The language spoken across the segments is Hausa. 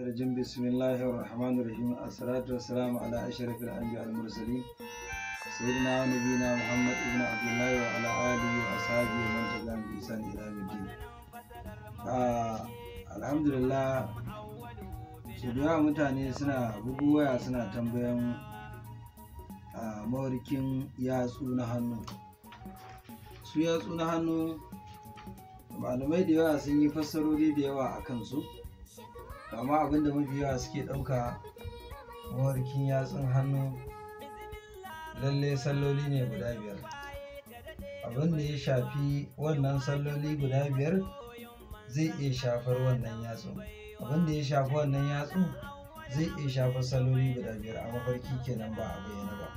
rajim bismillahir rahmanir rahim assalatu wassalamu ala ashrafil anbiya al mursalin sayyidina wa nabiyina muhammad ibn abdullahi wa ala alihi wa ashabihi man tabi'ahum bi ihsan ila yawmiddin alhamdulillah su da mutane suna bugu waya suna tambayan mawarkin yatsu na hannu su yatsu na hannu malamai da yawa sun yi fassarori da yawa a kansu amma abinda mafi yawa suke ɗauka mawarkin yatsun hannu lalle salloli ne guda biyar abinda ya shafi wannan salloli guda biyar zai iya shafar wannan yatsun abinda ya shafi wannan yatsun zai iya shafar salloli guda biyar a mafarki kenan ba a bayyana ba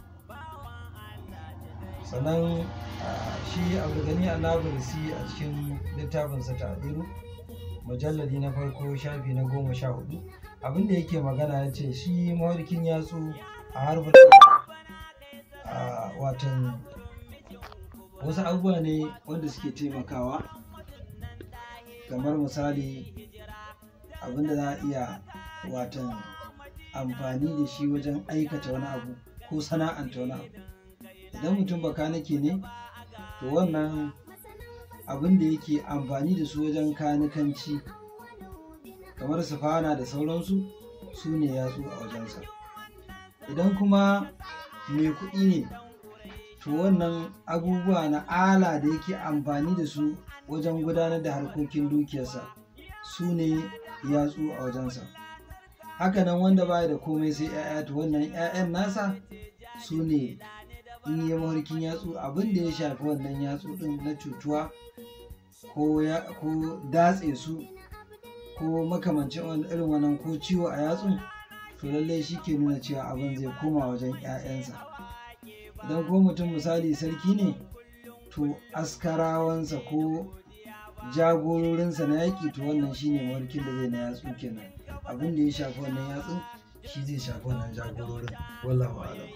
sannan ah, shi abu gani a nabulisi a cikin littafinsa ta'adiru mujalladi na farko shafi na goma sha hudu abinda yake magana ya ce shi mawarkin yatsu a harbin watan wasu abubuwa ne wanda suke taimakawa kamar misali abinda za a iya watan amfani da shi wajen aikata wani abu ko sana'anta wani abu idan mutum baka nake ne to wannan abin da yake amfani da su wajen kanikanci kamar sufana da sauransu su ne yatsu a wajensa idan kuma mai kuɗi ne to wannan abubuwa na ala da yake amfani da su wajen gudanar da harkokin dukiyarsa su ne yatsu a wajensa hakanan wanda baya da komai sai 'ya'ya to wannan 'ya'yan nasa su ne in yi mawarkin yatsu abin da ya shafi wannan yatsu din na cutuwa ko datse su ko makamancin irin wannan ko ciwo a yatsun to lallai shi ke nuna cewa abin zai koma wajen 'ya'yansa don ko mutum misali sarki ne to askarawansa ko jagororinsa na yaƙi to wannan shine mawarkin da zai na yatsu kenan abin da ya shafi wannan yatsun shi zai shafi wannan jagororin wallahu alam